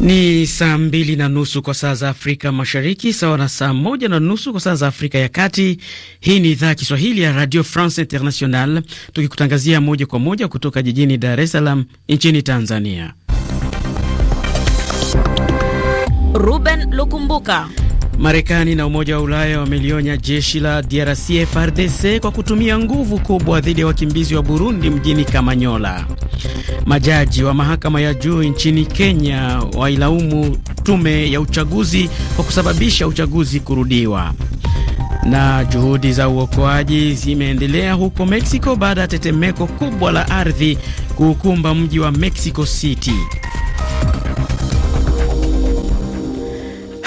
Ni saa mbili na nusu kwa saa za Afrika Mashariki, sawa na saa moja na nusu kwa saa za Afrika ya Kati. Hii ni idhaa ya Kiswahili ya Radio France International, tukikutangazia moja kwa moja kutoka jijini Dar es Salaam nchini Tanzania. Ruben Lukumbuka Marekani na Umoja wa Ulaya wamelionya jeshi la DRC frdc kwa kutumia nguvu kubwa dhidi ya wakimbizi wa Burundi mjini Kamanyola. Majaji wa mahakama ya juu nchini Kenya wailaumu tume ya uchaguzi kwa kusababisha uchaguzi kurudiwa. Na juhudi za uokoaji zimeendelea huko Mexico baada ya tetemeko kubwa la ardhi kuukumba mji wa Mexico City.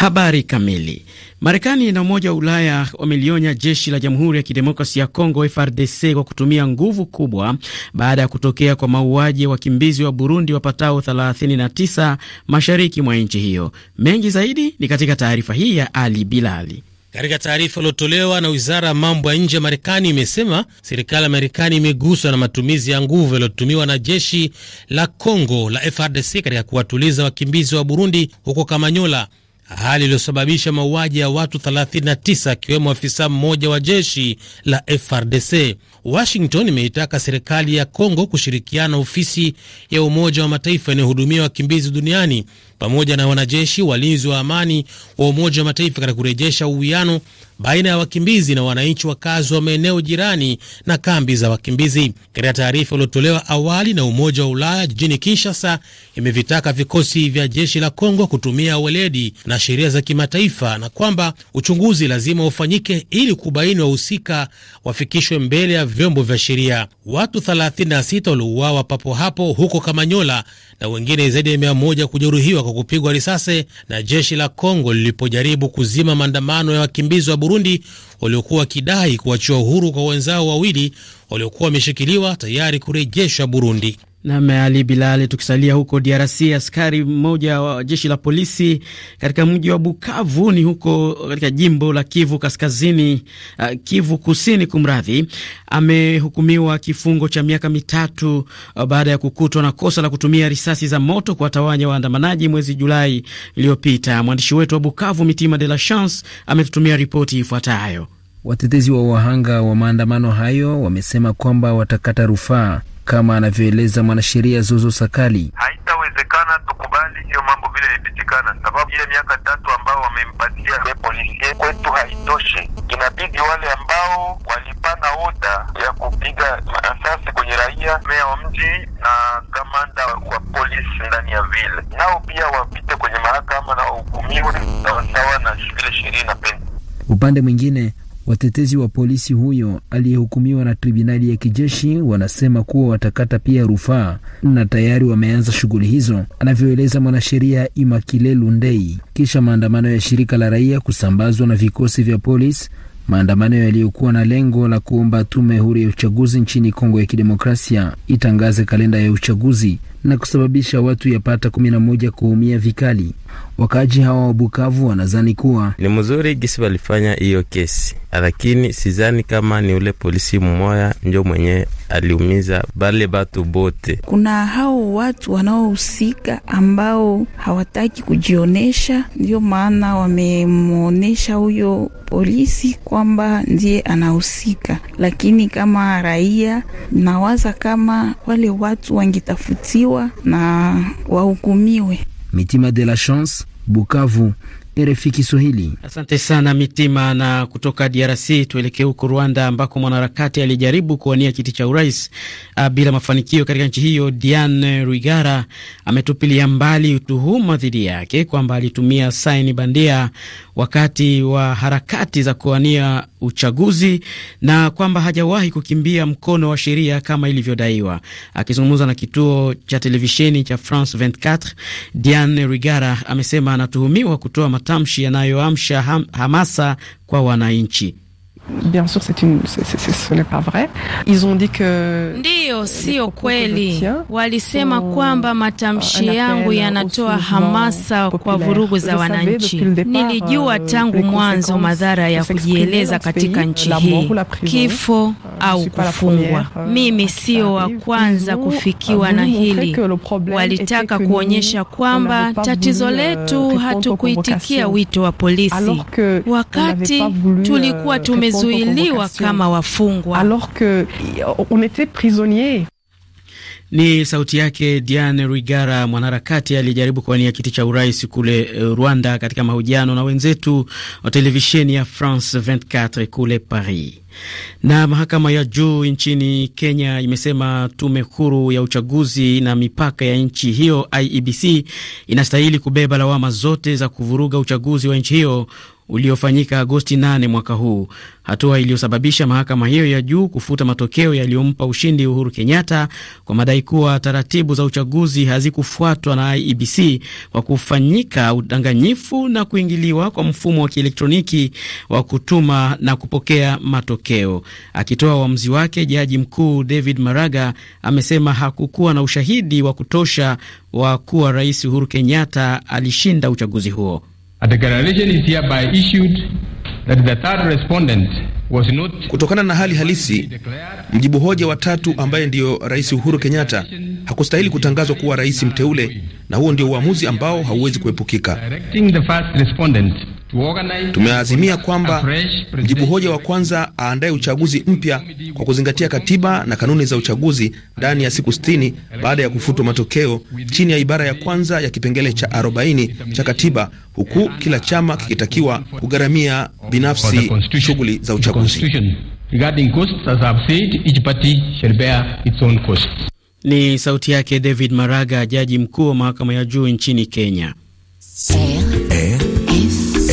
Habari kamili. Marekani na Umoja wa Ulaya wamelionya jeshi la Jamhuri ya Kidemokrasi ya Kongo frdc kwa kutumia nguvu kubwa baada ya kutokea kwa mauaji ya wakimbizi wa Burundi wapatao 39 mashariki mwa nchi hiyo. Mengi zaidi ni katika taarifa hii ya Ali Bilali. Katika taarifa iliyotolewa na wizara ya mambo ya nje ya Marekani imesema serikali ya Marekani imeguswa na matumizi ya nguvu yaliyotumiwa na jeshi la congo la frdc katika kuwatuliza wakimbizi wa Burundi huko Kamanyola hali iliyosababisha mauaji ya watu 39 akiwemo afisa mmoja wa jeshi la FRDC. Washington imeitaka serikali ya Kongo kushirikiana ofisi ya Umoja wa Mataifa inayohudumia wakimbizi duniani pamoja na wanajeshi walinzi wa amani wa Umoja wa Mataifa katika kurejesha uwiano baina ya wakimbizi na wananchi wakazi wa maeneo jirani na kambi za wakimbizi. Katika taarifa iliyotolewa awali na Umoja wa Ulaya jijini Kinshasa, imevitaka vikosi vya jeshi la Kongo kutumia weledi na sheria za kimataifa na kwamba uchunguzi lazima ufanyike ili kubaini wahusika wafikishwe mbele ya vyombo vya sheria. Watu 36 waliouawa papo hapo huko Kamanyola na wengine zaidi ya mia moja kujeruhiwa kwa kupigwa risasi na jeshi la Kongo lilipojaribu kuzima maandamano ya wakimbizi wa Burundi waliokuwa wakidai kuachiwa uhuru kwa wenzao wawili waliokuwa wameshikiliwa tayari kurejeshwa Burundi. Nam Ali Bilali. Tukisalia huko DRC, askari mmoja wa jeshi la polisi katika mji wa Bukavu ni huko katika jimbo la Kivu Kaskazini, uh, Kivu Kusini kumradhi, amehukumiwa kifungo cha miaka mitatu uh, baada ya kukutwa na kosa la kutumia risasi za moto kuwatawanya waandamanaji mwezi Julai iliyopita. Mwandishi wetu wa Bukavu Mitima de la Chance ametutumia ripoti ifuatayo. Watetezi wa wahanga wa maandamano hayo wamesema kwamba watakata rufaa kama anavyoeleza mwanasheria zozo Sakali. Haitawezekana tukubali hiyo mambo vile ilipitikana, sababu ile miaka tatu ambao wamempatia polisi kwetu haitoshi Inabidi wale ambao walipana oda ya kupiga masasi kwenye raia, meya wa mji na kamanda wa polisi ndani ya vile, nao pia wapite kwenye mahakama na wahukumiwe sawasawa na vile sheria inapenda. Upande mwingine Watetezi wa polisi huyo aliyehukumiwa na tribunali ya kijeshi wanasema kuwa watakata pia rufaa na tayari wameanza shughuli hizo, anavyoeleza mwanasheria Imakile Lundei. Kisha maandamano ya shirika la raia kusambazwa na vikosi vya polisi, maandamano yaliyokuwa na lengo la kuomba tume huru ya uchaguzi nchini Kongo ya Kidemokrasia itangaze kalenda ya uchaguzi na kusababisha watu yapata kumi na moja kuumia vikali. Wakaaji hawa wa Bukavu wanazani kuwa ni mzuri gisi walifanya hiyo kesi, lakini sizani kama ni ule polisi mmoya njo mwenye aliumiza bale batu bote. Kuna hao watu wanaohusika ambao hawataki kujionyesha, ndio maana wamemwonyesha huyo polisi kwamba ndiye anahusika, lakini kama raia nawaza kama wale watu wangetafutiwa kuachiliwa na wahukumiwe. Mitima de la Chance, Bukavu, RFI Kiswahili. Asante sana Mitima. Na kutoka DRC tuelekee huko Rwanda, ambako mwanaharakati alijaribu kuwania kiti cha urais ah, bila mafanikio katika nchi hiyo, Diane Rwigara ametupilia mbali tuhuma dhidi yake kwamba alitumia saini bandia wakati wa harakati za kuwania uchaguzi na kwamba hajawahi kukimbia mkono wa sheria kama ilivyodaiwa. Akizungumza na kituo cha televisheni cha France 24, Diane Rigara amesema anatuhumiwa kutoa matamshi yanayoamsha ham hamasa kwa wananchi. Bien sûr, une, c est, c ce n'est pas vrai. Ils ont dit que ndiyo, sio kweli. Walisema kwamba matamshi yangu yanatoa hamasa kwa vurugu za wananchi. Nilijua euh, tangu mwanzo madhara ya kujieleza katika nchi hii, kifo au kufungwa. Euh, Mimi sio wa kwanza kufikiwa na hili. Walitaka kuonyesha kwamba tatizo euh, letu hatukuitikia wito wa polisi, wakati tulikuwa euh, tumezuiliwa kama wafungwa. Ni sauti yake Diane Rwigara, mwanaharakati aliyejaribu kuwania kiti cha urais kule eh, Rwanda, katika mahojiano na wenzetu wa televisheni ya France 24 kule Paris. Na mahakama ya juu nchini Kenya imesema tume huru ya uchaguzi na mipaka ya nchi hiyo IEBC inastahili kubeba lawama zote za kuvuruga uchaguzi wa nchi hiyo uliofanyika Agosti 8 mwaka huu, hatua iliyosababisha mahakama hiyo ya juu kufuta matokeo yaliyompa ushindi Uhuru Kenyatta kwa madai kuwa taratibu za uchaguzi hazikufuatwa na IEBC kwa kufanyika udanganyifu na kuingiliwa kwa mfumo wa kielektroniki wa kutuma na kupokea matokeo. Akitoa uamuzi wake, jaji mkuu David Maraga amesema hakukuwa na ushahidi wa kutosha wa kuwa Rais Uhuru Kenyatta alishinda uchaguzi huo. A declaration is hereby issued that the third respondent was not. Kutokana na hali halisi, mjibu hoja wa tatu ambaye ndiyo Rais Uhuru Kenyatta hakustahili kutangazwa kuwa rais mteule, na huo ndio uamuzi ambao hauwezi kuepukika. Tumeazimia kwamba mjibu hoja wa kwanza aandaye uchaguzi mpya kwa kuzingatia katiba na kanuni za uchaguzi ndani ya siku 60 baada ya kufutwa matokeo chini ya ibara ya kwanza ya kipengele cha 40 cha katiba, huku kila chama kikitakiwa kugharamia binafsi shughuli za uchaguzi. Ni sauti yake David Maraga, jaji mkuu wa mahakama ya juu nchini Kenya.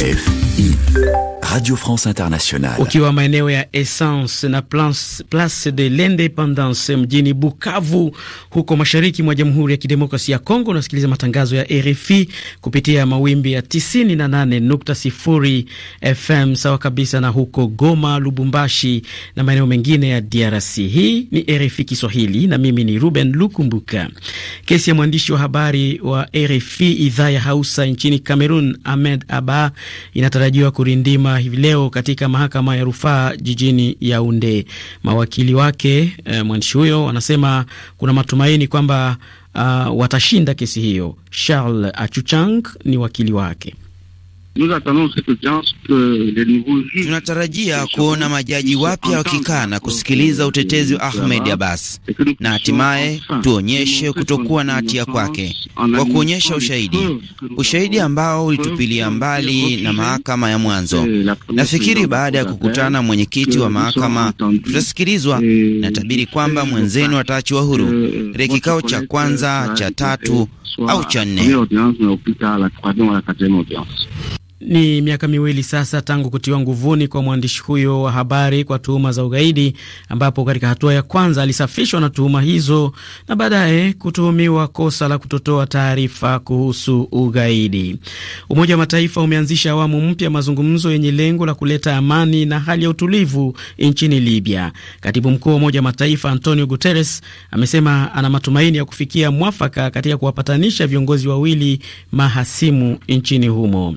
F. y... Radio France Internationale. Ukiwa maeneo ya Essence na Place, Place de l'Independance mjini Bukavu huko mashariki mwa Jamhuri ya Kidemokrasia ya Kongo, unasikiliza matangazo ya RFI kupitia mawimbi ya 98.0 FM, sawa kabisa na huko Goma, Lubumbashi na maeneo mengine ya DRC. Hii ni RFI Kiswahili na mimi ni Ruben Lukumbuka. Kesi ya mwandishi wa habari wa RFI idhaa ya Hausa nchini Cameroon Ahmed Aba, inatarajiwa kurindima mapema hivi leo katika mahakama ya rufaa jijini Yaunde. Mawakili wake eh, mwandishi huyo wanasema kuna matumaini kwamba uh, watashinda kesi hiyo. Charles Achuchang ni wakili wake. Euh, Tunatarajia kuona majaji wapya wakikaa na kusikiliza euh, utetezi wa Ahmed Abbas na hatimaye tuonyeshe kutokuwa na hatia kwake kwa kuonyesha ushahidi, ushahidi ambao ulitupilia mbali na mahakama ya mwanzo. Nafikiri baada ya kukutana mwenyekiti wa mahakama tutasikilizwa. Natabiri kwamba mwenzenu ataachiwa huru euh, katika kikao cha kwanza, cha tatu au cha nne. Ni miaka miwili sasa tangu kutiwa nguvuni kwa mwandishi huyo wa habari kwa tuhuma za ugaidi, ambapo katika hatua ya kwanza alisafishwa na tuhuma hizo na baadaye kutuhumiwa kosa la kutotoa taarifa kuhusu ugaidi. Umoja wa Mataifa umeanzisha awamu mpya mazungumzo yenye lengo la kuleta amani na hali ya utulivu nchini Libya. Katibu mkuu wa Umoja wa Mataifa Antonio Guterres amesema ana matumaini ya kufikia mwafaka katika kuwapatanisha viongozi wawili mahasimu nchini humo.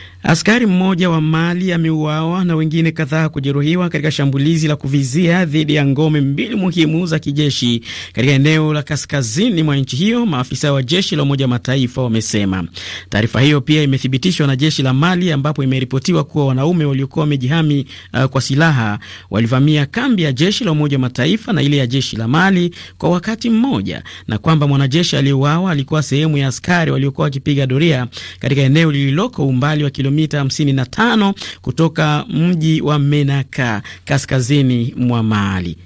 Askari mmoja wa Mali ameuawa na wengine kadhaa kujeruhiwa katika shambulizi la kuvizia dhidi ya ngome mbili muhimu za kijeshi katika eneo la kaskazini mwa nchi hiyo, maafisa wa jeshi la Umoja Mataifa wamesema. Taarifa hiyo pia imethibitishwa na jeshi la Mali, ambapo imeripotiwa kuwa wanaume waliokuwa wamejihami uh, kwa silaha walivamia kambi ya jeshi la Umoja Mataifa na ile ya jeshi la Mali kwa wakati mmoja, na kwamba mwanajeshi aliyeuawa alikuwa sehemu ya askari waliokuwa wakipiga doria katika eneo lililoko umbali wa kilomita 55 kutoka mji wa Menaka kaskazini mwa Mali.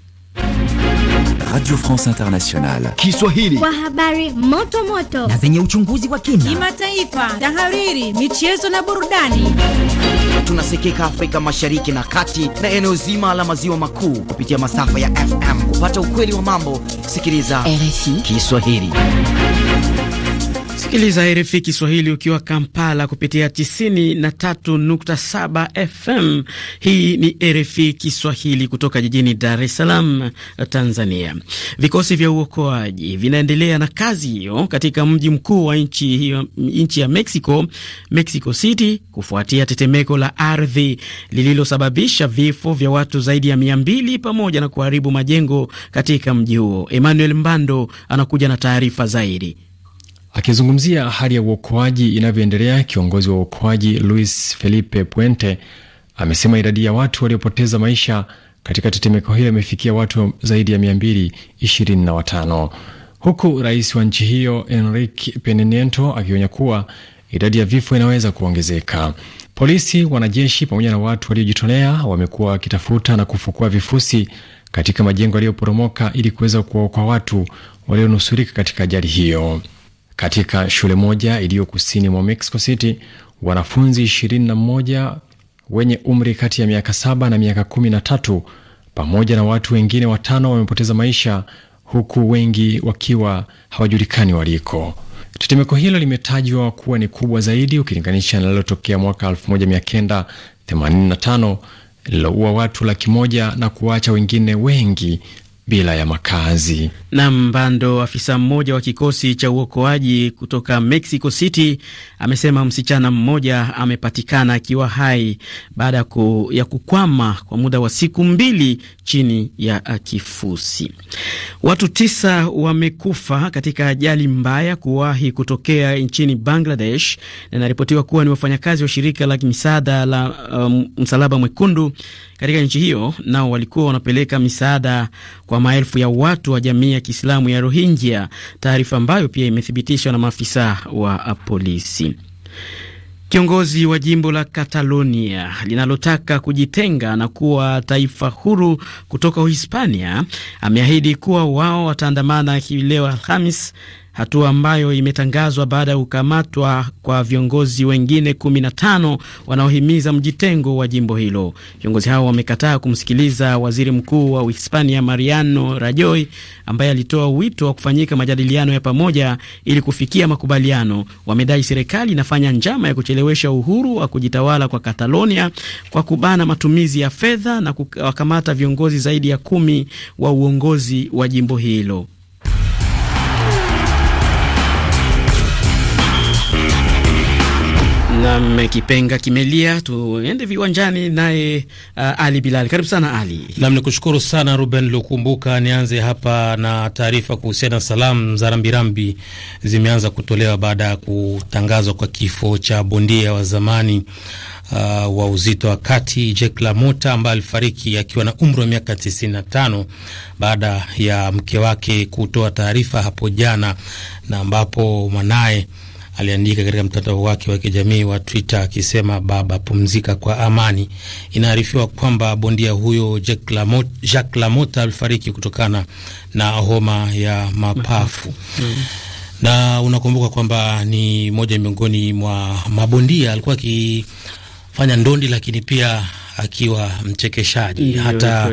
Radio France Internationale Kiswahili, kwa habari moto moto na zenye uchunguzi wa kina, kimataifa, tahariri, michezo na burudani. Tunasikika Afrika Mashariki na Kati na eneo zima la maziwa makuu kupitia masafa ya FM. Kupata ukweli wa mambo, sikiliza RFI Kiswahili. Sikiliza RFI Kiswahili ukiwa Kampala kupitia 93.7 FM. Hii ni RFI Kiswahili kutoka jijini Dar es Salaam, Tanzania. Vikosi vya uokoaji vinaendelea na kazi hiyo katika mji mkuu wa nchi hiyo, nchi ya Mexico, Mexico City, kufuatia tetemeko la ardhi lililosababisha vifo vya watu zaidi ya 200 pamoja na kuharibu majengo katika mji huo. Emmanuel Mbando anakuja na taarifa zaidi. Akizungumzia hali ya uokoaji inavyoendelea, kiongozi wa uokoaji Luis Felipe Puente amesema idadi ya watu waliopoteza maisha katika tetemeko hilo imefikia watu zaidi ya 225 huku rais wa nchi hiyo Enrique Penenento akionya kuwa idadi ya vifo inaweza kuongezeka. Polisi, wanajeshi pamoja na watu waliojitolea wamekuwa wakitafuta na kufukua vifusi katika majengo yaliyoporomoka ili kuweza kuwaokoa watu walionusurika katika ajali hiyo. Katika shule moja iliyo kusini mwa Mexico City, wanafunzi 21 wenye umri kati ya miaka 7 na miaka 13 pamoja na watu wengine watano wamepoteza maisha huku wengi wakiwa hawajulikani waliko. Tetemeko hilo limetajwa kuwa ni kubwa zaidi ukilinganisha na lilotokea mwaka 1985 lililoua watu laki moja na kuwacha wengine wengi bila ya makazi. Na Mbando, afisa mmoja wa kikosi cha uokoaji kutoka Mexico City, amesema msichana mmoja amepatikana akiwa hai baada ya kukwama kwa muda wa siku mbili chini ya kifusi. Watu tisa wamekufa katika ajali mbaya kuwahi kutokea nchini Bangladesh na inaripotiwa kuwa ni wafanyakazi wa shirika la misaada la um, Msalaba Mwekundu katika nchi hiyo, nao walikuwa wanapeleka misaada kwa kwa maelfu ya watu wa jamii ya Kiislamu ya Rohingya, taarifa ambayo pia imethibitishwa na maafisa wa polisi. Kiongozi wa jimbo la Catalonia linalotaka kujitenga na kuwa taifa huru kutoka Uhispania ameahidi kuwa wao wataandamana hii leo Alhamis hatua ambayo imetangazwa baada ya kukamatwa kwa viongozi wengine 15 wanaohimiza mjitengo wa jimbo hilo. Viongozi hao wamekataa kumsikiliza waziri mkuu wa Uhispania Mariano Rajoy ambaye alitoa wito wa kufanyika majadiliano ya pamoja ili kufikia makubaliano. Wamedai serikali inafanya njama ya kuchelewesha uhuru wa kujitawala kwa Catalonia kwa kubana matumizi ya fedha na kukamata viongozi zaidi ya kumi wa uongozi wa jimbo hilo. Nam kipenga kimelia, tuende viwanjani naye uh, Ali Bilali. Karibu sana Ali. Nam ni kushukuru sana Ruben Lukumbuka. Nianze hapa na taarifa kuhusiana na salamu za rambirambi zimeanza kutolewa baada ya kutangazwa kwa kifo cha bondia wa zamani uh, wa uzito wa kati Jack Lamotta ambaye alifariki akiwa na umri wa miaka 95 baada ya mke wake kutoa taarifa hapo jana, na ambapo mwanaye aliandika katika mtandao wake wa kijamii wa Twitter akisema baba, pumzika kwa amani. Inaarifiwa kwamba bondia huyo Jacques Lamotte alifariki kutokana na homa ya mapafu mm -hmm na unakumbuka kwamba ni moja miongoni mwa mabondia alikuwa akifanya ndondi, lakini pia akiwa mchekeshaji, hata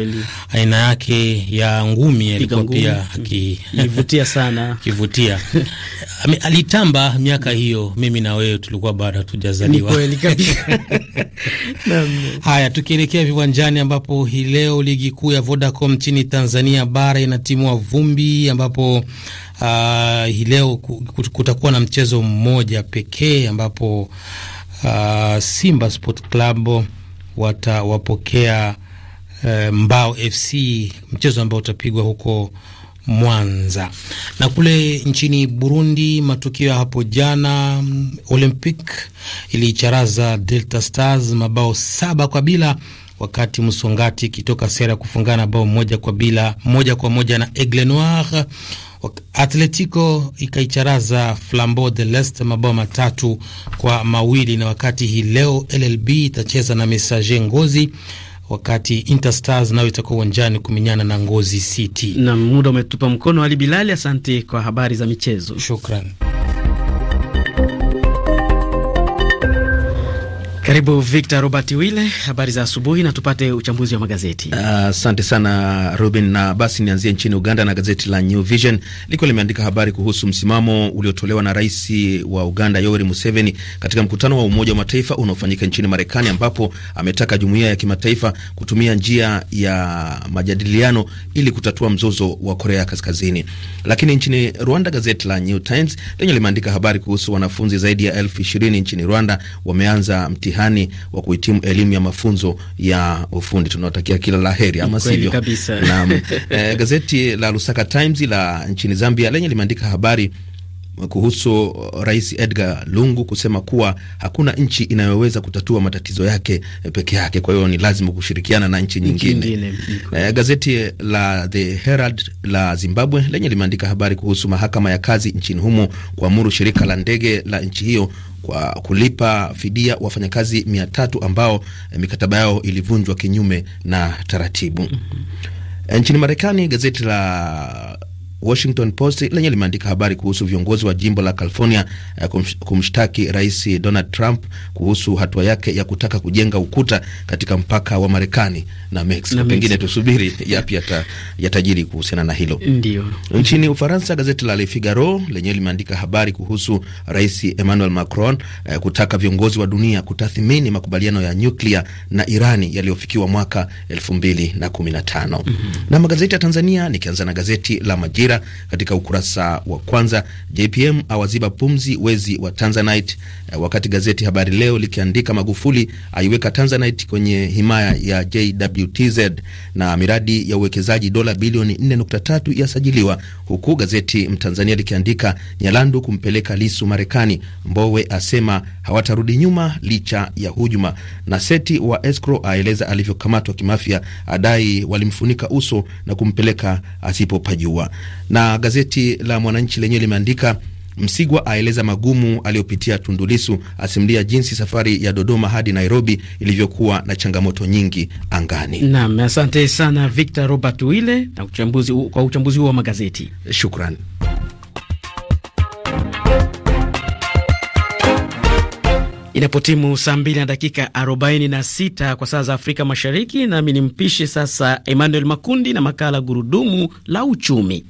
aina yake ya ngumi alikuwa pia akivutia sana kivutia. Alitamba miaka hiyo, mimi na wewe tulikuwa bado hatujazaliwa. Haya, tukielekea viwanjani, ambapo hii leo ligi kuu ya Vodacom nchini Tanzania bara inatimua vumbi, ambapo Uh, hii leo kutakuwa na mchezo mmoja pekee ambapo uh, Simba Sport Club watawapokea e, Mbao FC, mchezo ambao utapigwa huko Mwanza. Na kule nchini Burundi, matukio ya hapo jana, Olympic iliicharaza Delta Stars mabao saba kwa bila wakati Msongati ikitoka sera ya kufungana bao moja kwa bila moja kwa moja na Aigle Noir Atletico ikaicharaza Flambo de Lest mabao matatu kwa mawili, na wakati hii leo LLB itacheza na Messager Ngozi wakati Interstars nayo itakuwa uwanjani kuminyana na Ngozi City. Na muda umetupa mkono. Ali Bilali, asante kwa habari za michezo. Shukran. Karibu Victor Robert Wile, habari za asubuhi na tupate uchambuzi wa magazeti. Ah, asante uh, sana Ruben, na basi nianzie nchini Uganda na gazeti la New Vision liko limeandika habari kuhusu msimamo uliotolewa na rais wa Uganda Yoweri Museveni katika mkutano wa Umoja wa Mataifa unaofanyika nchini Marekani, ambapo ametaka jumuiya ya kimataifa kutumia njia ya majadiliano ili kutatua mzozo wa Korea Kaskazini. Lakini nchini Rwanda, gazeti la New Times lenye limeandika habari kuhusu wanafunzi zaidi ya elfu ishirini nchini Rwanda wameanza mtihani mtihani wa kuhitimu elimu ya mafunzo ya ufundi. Tunawatakia kila la heri, ama sivyo? Naam. E, gazeti la Lusaka Times la nchini Zambia lenye limeandika habari kuhusu Rais Edgar Lungu kusema kuwa hakuna nchi inayoweza kutatua matatizo yake peke yake, kwa hiyo ni lazima kushirikiana na nchi nyingine. Eh, gazeti la The Herald la Zimbabwe lenye limeandika habari kuhusu mahakama ya kazi nchini humo kuamuru shirika la ndege la nchi hiyo kwa kulipa fidia wafanyakazi mia tatu ambao eh, mikataba yao ilivunjwa kinyume na taratibu. Mm -hmm. Nchini Marekani gazeti la Washington Post lenye limeandika habari kuhusu viongozi wa jimbo la California eh, kumshtaki Rais Donald Trump kuhusu hatua yake ya kutaka kujenga ukuta katika mpaka wa Marekani na Mexico. Pengine tusubiri yapi yata, yatajiri kuhusiana na hilo. Ndiyo. Nchini Ufaransa, gazeti la Le Figaro lenye limeandika habari kuhusu Rais Emmanuel Macron eh, kutaka viongozi wa dunia kutathmini makubaliano ya nyuklia na Irani yaliyofikiwa mwaka 2015. Mm -hmm. Na magazeti ya Tanzania nikianza na gazeti la Majira Mazingira katika ukurasa wa kwanza. JPM awaziba pumzi wezi wa Tanzanite, eh, wakati gazeti Habari Leo likiandika Magufuli aiweka Tanzanite kwenye himaya ya JWTZ na miradi ya uwekezaji dola bilioni 4.3 yasajiliwa, huku gazeti Mtanzania likiandika Nyalandu kumpeleka Lisu Marekani, Mbowe asema hawatarudi nyuma licha ya hujuma, na seti wa escrow aeleza alivyokamatwa kimafia, adai walimfunika uso na kumpeleka asipopajua. Na gazeti la Mwananchi lenyewe limeandika Msigwa aeleza magumu aliyopitia Tundulisu, asimulia jinsi safari ya Dodoma hadi Nairobi ilivyokuwa na changamoto nyingi angani. Naam, asante sana Victor Robert Wile na uchambuzi, kwa uchambuzi huo wa magazeti, shukran. Inapotimu saa mbili na dakika 46 kwa saa za Afrika Mashariki, nami nimpishe sasa Emmanuel Makundi na makala Gurudumu la Uchumi.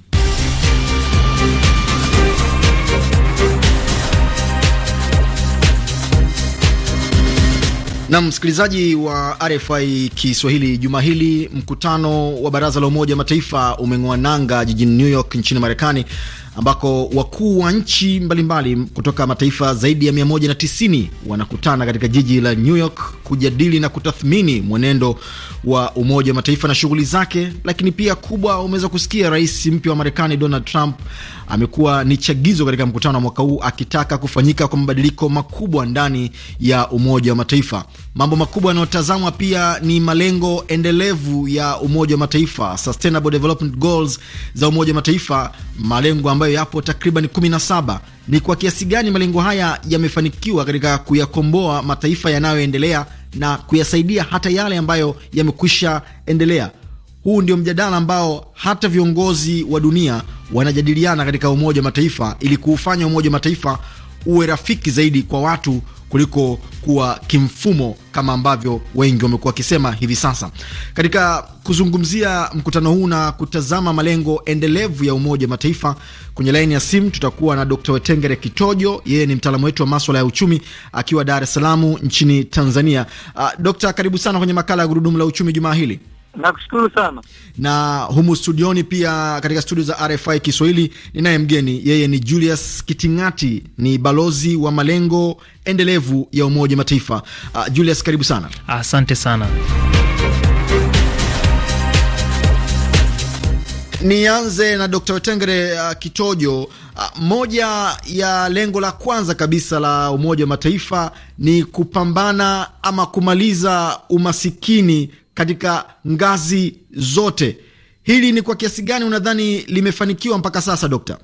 Na msikilizaji wa RFI Kiswahili, juma hili mkutano wa baraza la Umoja Mataifa umeng'oa nanga jijini New York nchini Marekani, ambako wakuu wa nchi mbalimbali mbali kutoka mataifa zaidi ya 190 wanakutana katika jiji la New York kujadili na kutathmini mwenendo wa Umoja wa Mataifa na shughuli zake. Lakini pia kubwa, umeweza kusikia rais mpya wa Marekani Donald Trump amekuwa ni chagizo katika mkutano wa mwaka huu akitaka kufanyika kwa mabadiliko makubwa ndani ya Umoja wa Mataifa. Mambo makubwa yanayotazamwa pia ni malengo endelevu ya Umoja wa Mataifa, Sustainable Development Goals za Umoja wa Mataifa, malengo ambayo yapo takriban 17. Ni kwa kiasi gani malengo haya yamefanikiwa katika kuyakomboa mataifa yanayoendelea na kuyasaidia hata yale ambayo yamekwisha endelea? Huu ndio mjadala ambao hata viongozi wa dunia wanajadiliana katika Umoja wa Mataifa ili kuufanya Umoja wa Mataifa uwe rafiki zaidi kwa watu kuliko kuwa kimfumo kama ambavyo wengi wamekuwa wakisema hivi sasa. Katika kuzungumzia mkutano huu na kutazama malengo endelevu ya Umoja wa Mataifa, kwenye laini ya simu tutakuwa na Dr Wetengere Kitojo, yeye ni mtaalamu wetu wa maswala ya uchumi akiwa Dar es Salaam nchini Tanzania. Uh, ah, Dr, karibu sana kwenye makala ya Gurudumu la Uchumi jumaa hili. Nakushukuru sana. Na humu studioni pia, katika studio za RFI Kiswahili, ninaye mgeni, yeye ni Julius Kitingati, ni balozi wa malengo endelevu ya Umoja Mataifa. Uh, Julius, karibu sana. Asante sana. Nianze na Dr. Wetengere uh, Kitojo. Uh, moja ya lengo la kwanza kabisa la Umoja wa Mataifa ni kupambana ama kumaliza umasikini katika ngazi zote. Hili ni kwa kiasi gani unadhani limefanikiwa mpaka sasa, Dokta?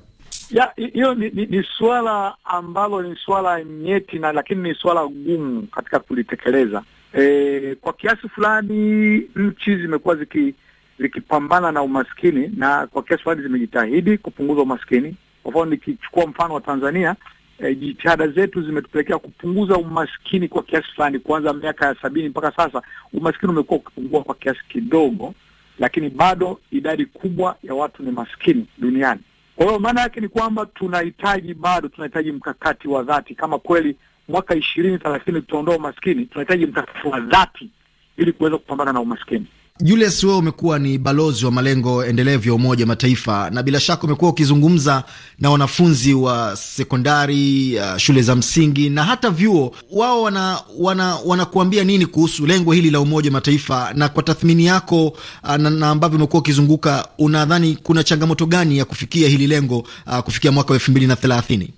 Hiyo ni, ni, ni suala ambalo ni suala nyeti na lakini ni suala gumu katika kulitekeleza. E, kwa kiasi fulani nchi zimekuwa ziki zikipambana na umaskini na kwa kiasi fulani zimejitahidi kupunguza umaskini. Kwa mfano nikichukua mfano wa Tanzania e, jitihada zetu zimetupelekea kupunguza umaskini kwa kiasi fulani. Kuanza miaka ya sabini mpaka sasa umaskini umekuwa ukipungua kwa kiasi kidogo, lakini bado idadi kubwa ya watu ni maskini duniani. Kwa hiyo maana yake ni kwamba tunahitaji bado tunahitaji mkakati wa dhati. Kama kweli mwaka ishirini thelathini tutaondoa umaskini, tunahitaji mkakati wa dhati ili kuweza kupambana na umaskini. Julius, wewe umekuwa ni balozi wa malengo endelevu ya Umoja wa Mataifa, na bila shaka umekuwa ukizungumza na wanafunzi wa sekondari, uh, shule za msingi na hata vyuo. Wao wanakuambia wana, wana nini kuhusu lengo hili la Umoja wa Mataifa? Na kwa tathmini yako uh, na, na ambavyo umekuwa ukizunguka, unadhani kuna changamoto gani ya kufikia hili lengo uh, kufikia mwaka wa elfu mbili na thelathini?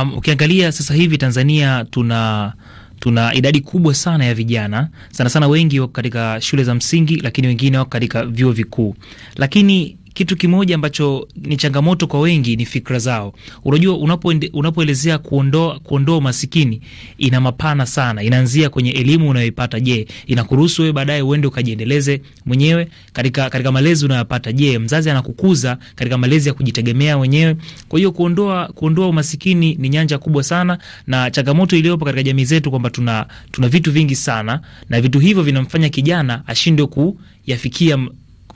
Um, ukiangalia sasa hivi Tanzania tuna tuna idadi kubwa sana ya vijana, sana sana wengi wako katika shule za msingi, lakini wengine wako katika vyuo vikuu, lakini kitu kimoja ambacho ni changamoto kwa wengi ni fikra zao. Unajua, unapoelezea kuondoa kuondoa umasikini ina mapana sana, inaanzia kwenye elimu unayoipata. Je, inakuruhusu wewe baadaye uende ukajiendeleze mwenyewe katika katika malezi unayopata? Je, mzazi anakukuza katika malezi ya kujitegemea wenyewe? Kwa hiyo kuondoa kuondoa umasikini ni nyanja kubwa sana, na changamoto iliyopo katika jamii zetu kwamba tuna tuna vitu vingi sana, na vitu hivyo vinamfanya kijana ashindwe kuyafikia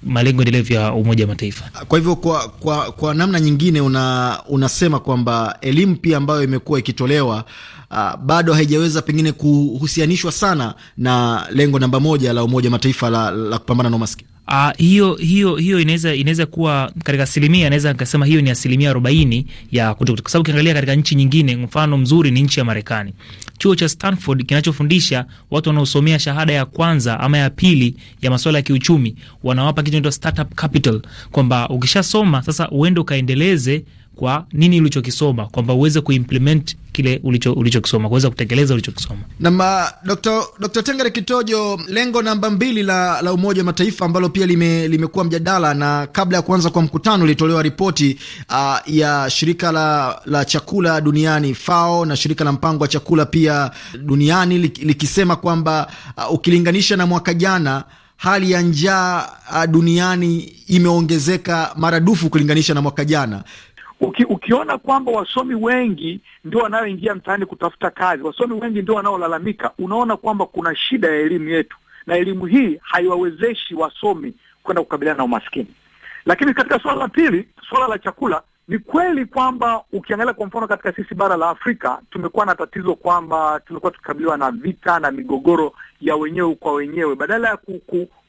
malengo endelevu ya Umoja wa Mataifa. Kwa hivyo kwa, kwa, kwa namna nyingine una, unasema kwamba elimu pia ambayo imekuwa ikitolewa uh, bado haijaweza pengine kuhusianishwa sana na lengo namba moja la Umoja wa Mataifa la, la kupambana na umaskini. Uh, hiyo hiyo hiyo inaweza inaweza kuwa katika asilimia, naweza nikasema hiyo ni asilimia arobaini ya kutokuta, kwa sababu ukiangalia katika nchi nyingine, mfano mzuri ni nchi ya Marekani chuo cha Stanford kinachofundisha watu wanaosomea shahada ya kwanza ama ya pili ya masuala ya kiuchumi, wanawapa kitu inaitwa startup capital, kwamba ukishasoma sasa uende ukaendeleze kwa nini ulichokisoma, kwamba uweze kuimplement kile ulicho kuweza kutekeleza ulichokisoma. Na Dr. Tengere Kitojo, lengo namba mbili la, la Umoja wa Mataifa ambalo pia lime, limekuwa mjadala na kabla ya kuanza kwa mkutano ulitolewa ripoti uh, ya shirika la, la chakula duniani FAO na shirika la mpango wa chakula pia duniani likisema kwamba uh, ukilinganisha na mwaka jana hali ya njaa ah, duniani imeongezeka maradufu kulinganisha na mwaka jana. Uki, ukiona kwamba wasomi wengi ndio wanaoingia mtaani kutafuta kazi, wasomi wengi ndio wanaolalamika, unaona kwamba kuna shida ya elimu yetu, na elimu hii haiwawezeshi wasomi kwenda kukabiliana na umaskini. Lakini katika suala la pili, suala la chakula, ni kweli kwamba ukiangalia kwa mfano katika sisi bara la Afrika tumekuwa na tatizo kwamba tumekuwa tukikabiliwa na vita na migogoro ya wenyewe kwa wenyewe, badala ya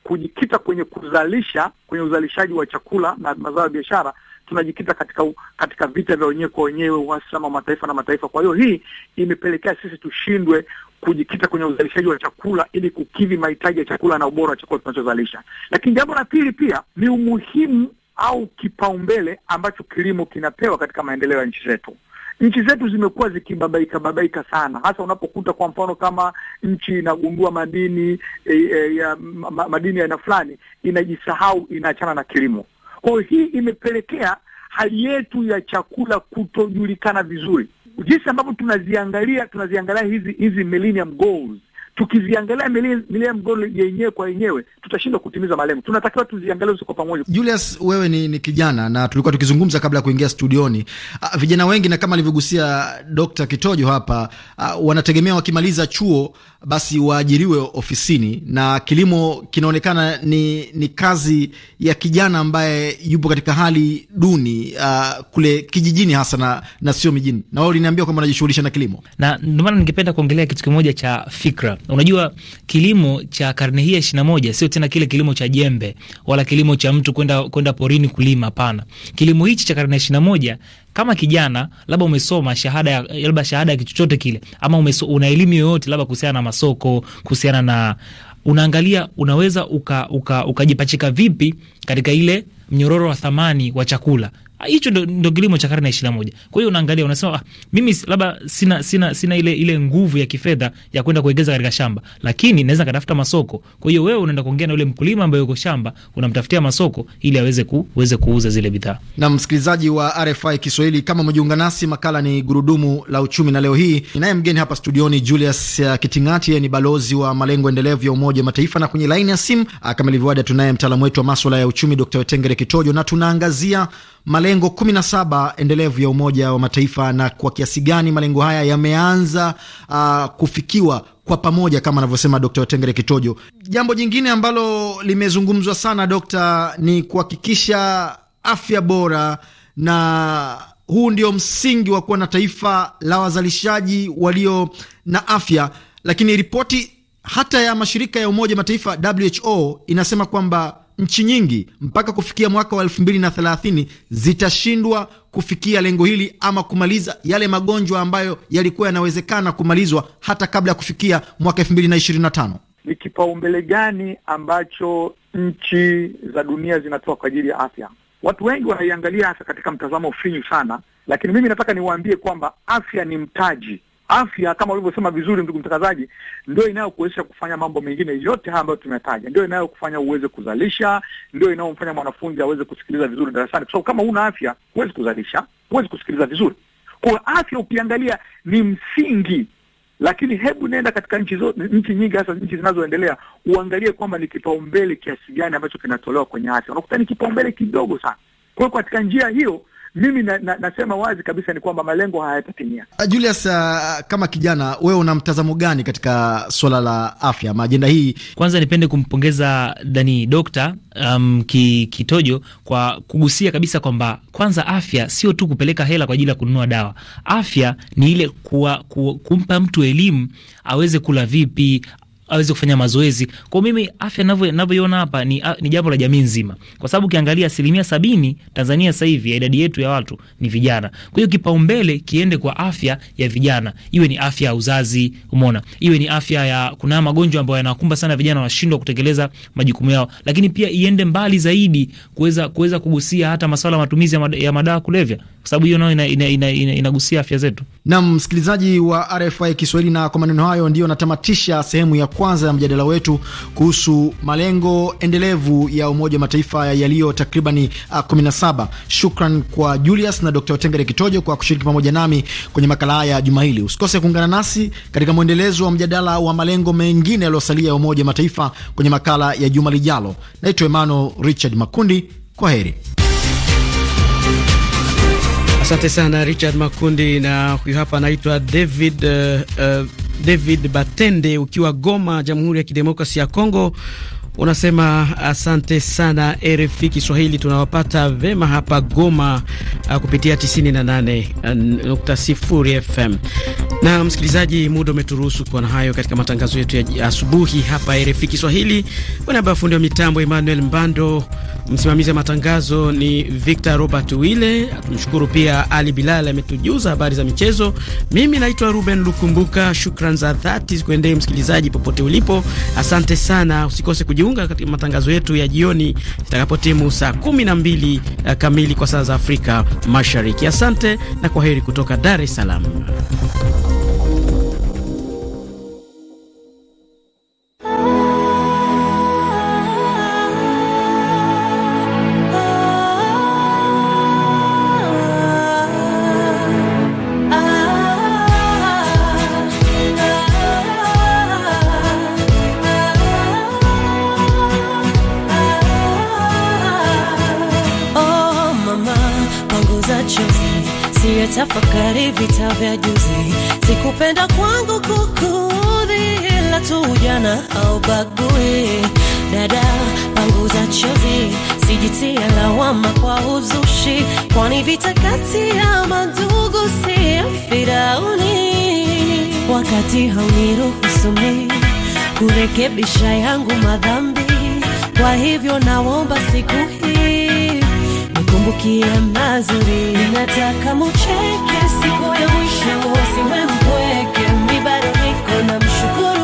kujikita kwenye kuzalisha, kwenye uzalishaji wa chakula na mazao ya biashara tunajikita katika katika vita vya wenyewe kwa wenyewe, uhasama wa mataifa na mataifa. Kwa hiyo hii imepelekea sisi tushindwe kujikita kwenye uzalishaji wa chakula ili kukidhi mahitaji ya chakula na ubora wa chakula tunachozalisha. Lakini jambo la pili pia ni umuhimu au kipaumbele ambacho kilimo kinapewa katika maendeleo ya nchi zetu. Nchi zetu zimekuwa zikibabaika babaika sana, hasa unapokuta kwa mfano kama nchi inagundua madini e, e, ya, ma, madini ya aina fulani, inajisahau, inaachana na kilimo. Kwa hii imepelekea hali yetu ya chakula kutojulikana vizuri, jinsi ambavyo tunaziangalia tunaziangalia hizi hizi millennium goals tukiziangalia milia mgolo yenyewe kwa yenyewe tutashindwa kutimiza malengo. Tunatakiwa tuziangalie kwa pamoja. Julius, wewe ni, ni kijana na tulikuwa tukizungumza kabla ya kuingia studioni. Uh, vijana wengi na kama alivyogusia Dr. Kitojo hapa uh, wanategemea wakimaliza chuo basi waajiriwe ofisini, na kilimo kinaonekana ni, ni kazi ya kijana ambaye yupo katika hali duni uh, kule kijijini hasa na, na sio mijini, na wao liniambia kwamba wanajishughulisha na kilimo, na ndio maana ningependa kuongelea kitu kimoja cha fikra Unajua, kilimo cha karne hii ya ishirini na moja sio tena kile kilimo cha jembe wala kilimo cha mtu kwenda kwenda porini kulima. Hapana, kilimo hichi cha karne ya ishirini na moja kama kijana labda umesoma shahada labda shahada ya kichochote kile, ama umeso, una elimu yoyote labda kuhusiana na masoko, kuhusiana na unaangalia unaweza ukajipachika uka, uka vipi katika ile mnyororo wa thamani wa chakula Ah, hicho ndo, ndo kilimo cha karne ya ishirini na moja. Kwa hiyo unaangalia unasema, ah, mimi labda sina, sina, sina ile, ile nguvu ya kifedha ya kwenda kuegeza katika shamba, lakini naweza katafuta masoko. Kwa hiyo wewe unaenda kuongea na ule mkulima ambaye yuko shamba, unamtafutia masoko ili aweze ku, weze kuuza zile bidhaa. Na msikilizaji wa RFI Kiswahili, kama umejiunga nasi, makala ni gurudumu la uchumi, na leo hii ninaye mgeni hapa studioni Julius uh, Kitingati, yeye ni balozi wa malengo endelevu ya Umoja wa Mataifa, na kwenye laini ya simu uh, kama ilivyoada tunaye mtaalamu wetu wa maswala ya uchumi Dr. Wetengere Kitojo na tunaangazia malengo 17 endelevu ya Umoja wa Mataifa na kwa kiasi gani malengo haya yameanza uh, kufikiwa kwa pamoja kama anavyosema Dkt. Tengere Kitojo. Jambo jingine ambalo limezungumzwa sana dokta, ni kuhakikisha afya bora, na huu ndio msingi wa kuwa na taifa la wazalishaji walio na afya, lakini ripoti hata ya mashirika ya Umoja Mataifa WHO inasema kwamba nchi nyingi mpaka kufikia mwaka wa elfu mbili na thelathini zitashindwa kufikia lengo hili ama kumaliza yale magonjwa ambayo yalikuwa yanawezekana kumalizwa hata kabla ya kufikia mwaka elfu mbili na ishirini na tano. Ni kipaumbele gani ambacho nchi za dunia zinatoa kwa ajili ya afya? Watu wengi wanaiangalia afya katika mtazamo finyu sana, lakini mimi nataka niwaambie kwamba afya ni mtaji afya kama ulivyosema vizuri ndugu mtangazaji, ndio inayokuwezesha kufanya mambo mengine yote haya ambayo tumetaja, ndio inayokufanya uweze kuzalisha, ndio inayomfanya mwanafunzi aweze kusikiliza vizuri darasani, kwa sababu kama huna afya huwezi kuzalisha, huwezi kusikiliza vizuri. Kwa afya ukiangalia ni msingi, lakini hebu nenda katika nchi zo, nchi nyingi, hasa nchi zinazoendelea, uangalie kwamba ni kipaumbele kiasi gani ambacho kinatolewa kwenye afya, unakuta ni kipaumbele kidogo sana. Kwa hiyo katika njia hiyo mimi na, na, nasema wazi kabisa ni kwamba malengo hayatatimia. Ah, Julius, uh, kama kijana wewe una mtazamo gani katika swala la afya maajenda hii? Kwanza nipende kumpongeza dani dokta um, ki, Kitojo kwa kugusia kabisa kwamba kwanza afya sio tu kupeleka hela kwa ajili ya kununua dawa. Afya ni ile kuwa, ku, kumpa mtu elimu aweze kula vipi, aweze kufanya mazoezi. Kwa mimi afya ninavyoiona hapa ni, ni jambo la jamii nzima, kwa sababu ukiangalia asilimia sabini Tanzania sasa hivi ya idadi yetu ya watu ni vijana. Kwa hiyo kipaumbele kiende kwa afya ya vijana, iwe ni afya ya uzazi, umeona, iwe ni afya ya, kuna magonjwa ambayo yanawakumba sana vijana, wanashindwa kutekeleza majukumu yao, lakini pia iende mbali zaidi kuweza kuweza kugusia hata masuala matumizi ya madawa kulevya kwa sababu hiyo nayo inagusia ina, ina, ina, ina afya zetu. Nam msikilizaji wa RFI Kiswahili, na kwa maneno hayo ndiyo natamatisha sehemu ya kwanza ya mjadala wetu kuhusu malengo endelevu ya Umoja wa Mataifa yaliyo takribani 17. Uh, Shukran kwa Julius na Dr. Tengere Kitojo kwa kushiriki pamoja nami kwenye makala haya juma hili. Usikose kuungana nasi katika mwendelezo wa mjadala wa malengo mengine yaliyosalia ya Umoja wa Mataifa kwenye makala ya juma lijalo. Naitwa Emmanuel Richard Makundi, kwa heri. Asante sana Richard Makundi, na huyu hapa anaitwa David uh, uh, David Batende ukiwa Goma, Jamhuri ya Kidemokrasi ya Kongo. Unasema asante sana RFI Kiswahili, tunawapata vema hapa Goma uh, kupitia 98.0 uh, FM. Na msikilizaji, muda umeturuhusu kuwa na hayo katika matangazo yetu ya asubuhi hapa RFI Kiswahili. Kwa niaba ya fundi wa mitambo Emmanuel Mbando, msimamizi wa matangazo ni Victor Robert Wile. Tumshukuru pia Ali Bilal ametujuza habari za michezo. Mimi naitwa Ruben Lukumbuka. Shukran za dhati zikuendee msikilizaji popote ulipo, asante sana, usikose kujiunga kujiunga katika matangazo yetu ya jioni itakapotimu saa kumi na mbili eh, kamili kwa saa za Afrika Mashariki. Asante na kwa heri kutoka Dar es Salaam. ni vita kati ya mandugu, si ya Firauni. Wakati hauniruhusu mimi kurekebisha yangu madhambi, kwa hivyo naomba siku hii nikumbukie mazuri. Nataka mucheke siku ya mwisho, siwe mpweke, mi bado niko na mshukuru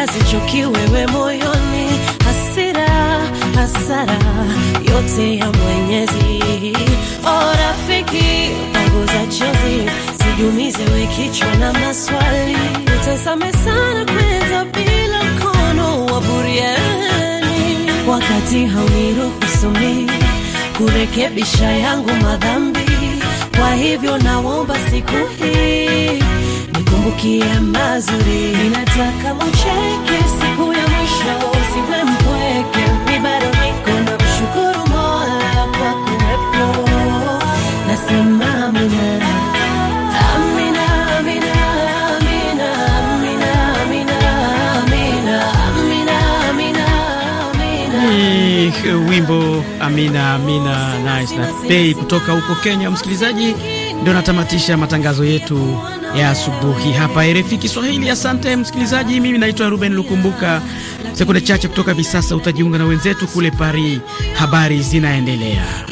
yazichuki wewe moyoni, hasira hasara yote ya Mwenyezi. O rafiki, punguza chozi, sijumize we kichwa na maswali, utesame sana kwenza bila mkono wa wakati wakati kusumi kurekebisha yangu madhambi, kwa hivyo naomba siku hii kukukumbukia mazuri, ninataka mcheke siku ya mwisho, usiwe mpweke, mi bado niko na kushukuru Mola kwa kuwepo, nasema amina. Wimbo amina amina, nice na bei kutoka huko Kenya, msikilizaji ndio natamatisha matangazo yetu ya asubuhi hapa RFI Kiswahili. Asante msikilizaji, mimi naitwa Ruben Lukumbuka. Sekunde chache kutoka hivi sasa utajiunga na wenzetu kule Paris, habari zinaendelea.